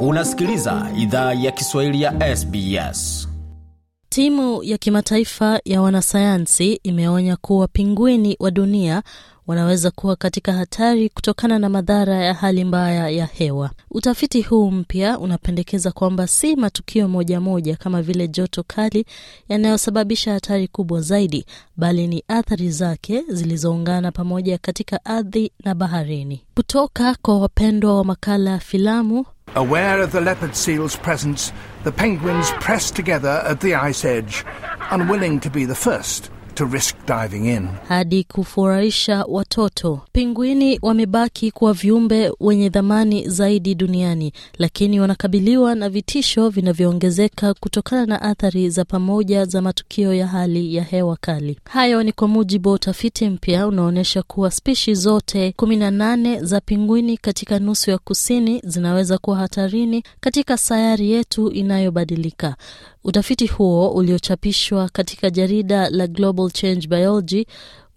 Unasikiliza idhaa ya Kiswahili ya SBS. Timu ya kimataifa ya wanasayansi imeonya kuwa pingwini wa dunia wanaweza kuwa katika hatari kutokana na madhara ya hali mbaya ya hewa. Utafiti huu mpya unapendekeza kwamba si matukio moja moja kama vile joto kali yanayosababisha hatari kubwa zaidi, bali ni athari zake zilizoungana pamoja katika ardhi na baharini. Kutoka kwa wapendwa wa makala ya filamu Aware of the leopard seal's presence, the penguins press together at the ice edge, unwilling to be the first. to risk diving in. Hadi kufurahisha watoto, pingwini wamebaki kuwa viumbe wenye dhamani zaidi duniani, lakini wanakabiliwa na vitisho vinavyoongezeka kutokana na athari za pamoja za matukio ya hali ya hewa kali. Hayo ni kwa mujibu wa utafiti mpya unaonyesha kuwa spishi zote kumi na nane za pingwini katika nusu ya kusini zinaweza kuwa hatarini katika sayari yetu inayobadilika. Utafiti huo uliochapishwa katika jarida la Global Global Change Biology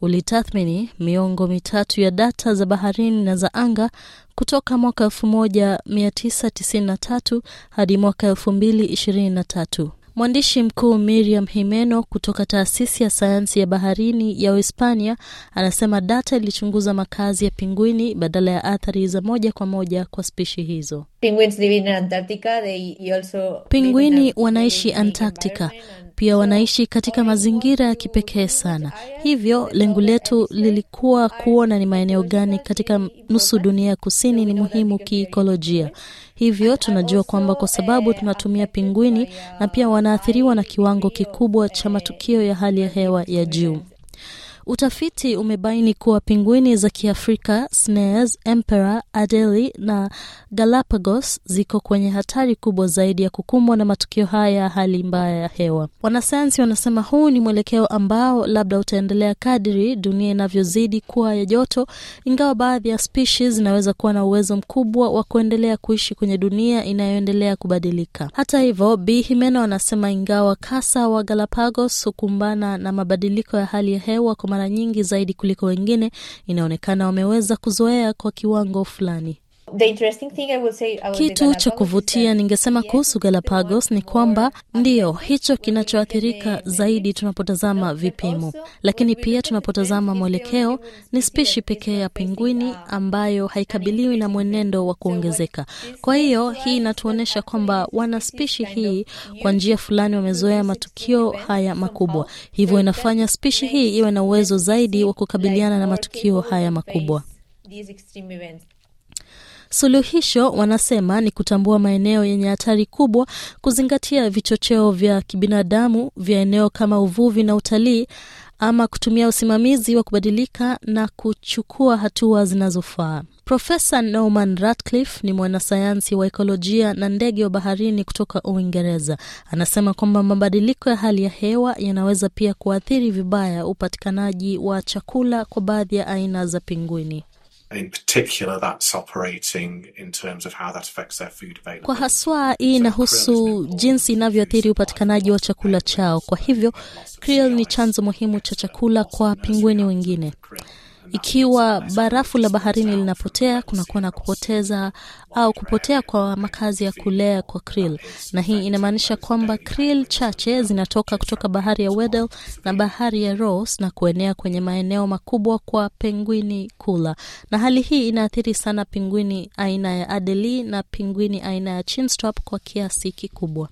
ulitathmini miongo mitatu ya data za baharini na za anga kutoka mwaka 1993 hadi mwaka 2023. Mwandishi mkuu Miriam Himeno kutoka taasisi ya sayansi ya baharini ya Uhispania anasema data ilichunguza makazi ya pingwini badala ya athari za moja kwa moja kwa spishi hizo. Pingwini wanaishi Antarctica pia wanaishi katika mazingira ya kipekee sana. Hivyo lengo letu lilikuwa kuona ni maeneo gani katika nusu dunia ya kusini ni muhimu kiikolojia. Hivyo tunajua kwamba kwa sababu tunatumia pingwini na pia wanaathiriwa na kiwango kikubwa cha matukio ya hali ya hewa ya juu. Utafiti umebaini kuwa pingwini za Kiafrika Snares, Emperor, adeli na Galapagos ziko kwenye hatari kubwa zaidi ya kukumbwa na matukio haya ya hali mbaya ya hewa. Wanasayansi wanasema huu ni mwelekeo ambao labda utaendelea kadiri dunia inavyozidi kuwa ya joto, ingawa baadhi ya spishi zinaweza kuwa na uwezo mkubwa wa kuendelea kuishi kwenye dunia inayoendelea kubadilika. Hata hivyo, Bi Himeno wanasema ingawa kasa wa Galapagos hukumbana na mabadiliko ya hali ya hewa kwa mara nyingi zaidi kuliko wengine, inaonekana wameweza kuzoea kwa kiwango fulani. Kitu cha kuvutia ningesema kuhusu Galapagos ni kwamba ndiyo hicho kinachoathirika zaidi tunapotazama vipimo, lakini pia tunapotazama mwelekeo, ni spishi pekee ya pingwini ambayo haikabiliwi na mwenendo wa kuongezeka. Kwa hiyo hii inatuonyesha kwamba wana spishi hii kwa njia fulani wamezoea matukio haya makubwa, hivyo inafanya spishi hii iwe na uwezo zaidi wa kukabiliana na matukio haya makubwa. Suluhisho wanasema ni kutambua maeneo yenye hatari kubwa, kuzingatia vichocheo vya kibinadamu vya eneo kama uvuvi na utalii, ama kutumia usimamizi wa kubadilika na kuchukua hatua zinazofaa. Profesa Norman Ratcliffe ni mwanasayansi wa ekolojia na ndege wa baharini kutoka Uingereza. Anasema kwamba mabadiliko ya hali ya hewa yanaweza pia kuathiri vibaya upatikanaji wa chakula kwa baadhi ya aina za pingwini. Kwa haswa hii inahusu jinsi inavyoathiri upatikanaji wa chakula chao. Kwa hivyo krill ni chanzo muhimu cha chakula kwa pingwini wengine. Ikiwa barafu la baharini linapotea, kunakuwa na kupoteza au kupotea kwa makazi ya kulea kwa krill, na hii inamaanisha kwamba krill chache zinatoka kutoka bahari ya wedel na bahari ya Ross na kuenea kwenye maeneo makubwa kwa pengwini kula, na hali hii inaathiri sana pingwini aina ya adeli na pingwini aina ya Chinstrap kwa kiasi kikubwa.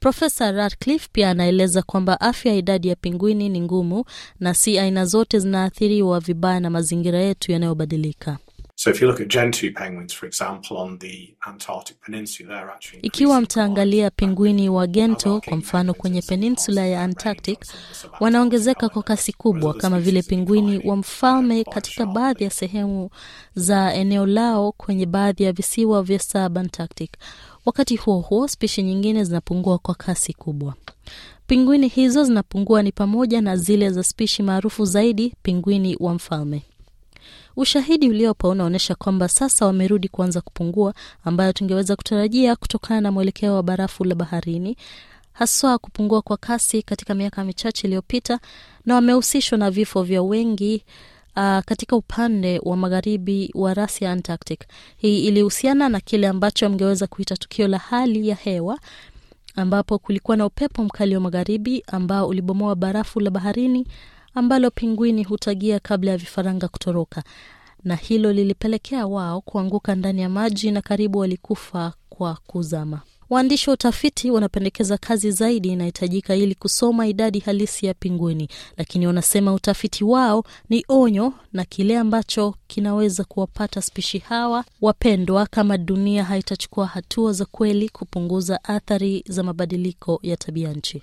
Profesa Ratcliffe pia anaeleza kwamba afya ya idadi ya pingwini ni ngumu na si aina zote zinaathiriwa vibaya na mazingira yetu yanayobadilika. Ikiwa mtaangalia pingwini wa Gento kwa mfano kwenye peninsula ya Antarctic, wanaongezeka kwa kasi kubwa kama vile pingwini wa mfalme katika baadhi ya sehemu za eneo lao kwenye baadhi ya visiwa vya Subantarctic. Wakati huo huo, spishi nyingine zinapungua kwa kasi kubwa. Pingwini hizo zinapungua ni pamoja na zile za spishi maarufu zaidi, pingwini wa mfalme. Ushahidi uliopo unaonyesha kwamba sasa wamerudi kuanza kupungua, ambayo tungeweza kutarajia kutokana na mwelekeo wa barafu la baharini haswa kupungua kwa kasi katika miaka michache iliyopita, na wamehusishwa na vifo vya wengi uh, katika upande wa magharibi wa rasi ya Antarctic. Hii ilihusiana na kile ambacho mngeweza kuita tukio la hali ya hewa ambapo kulikuwa na upepo mkali wa magharibi ambao ulibomoa barafu la baharini ambalo pingwini hutagia kabla ya vifaranga kutoroka, na hilo lilipelekea wao kuanguka ndani ya maji na karibu walikufa kwa kuzama. Waandishi wa utafiti wanapendekeza kazi zaidi inahitajika ili kusoma idadi halisi ya pingwini, lakini wanasema utafiti wao ni onyo na kile ambacho kinaweza kuwapata spishi hawa wapendwa kama dunia haitachukua hatua za kweli kupunguza athari za mabadiliko ya tabia nchi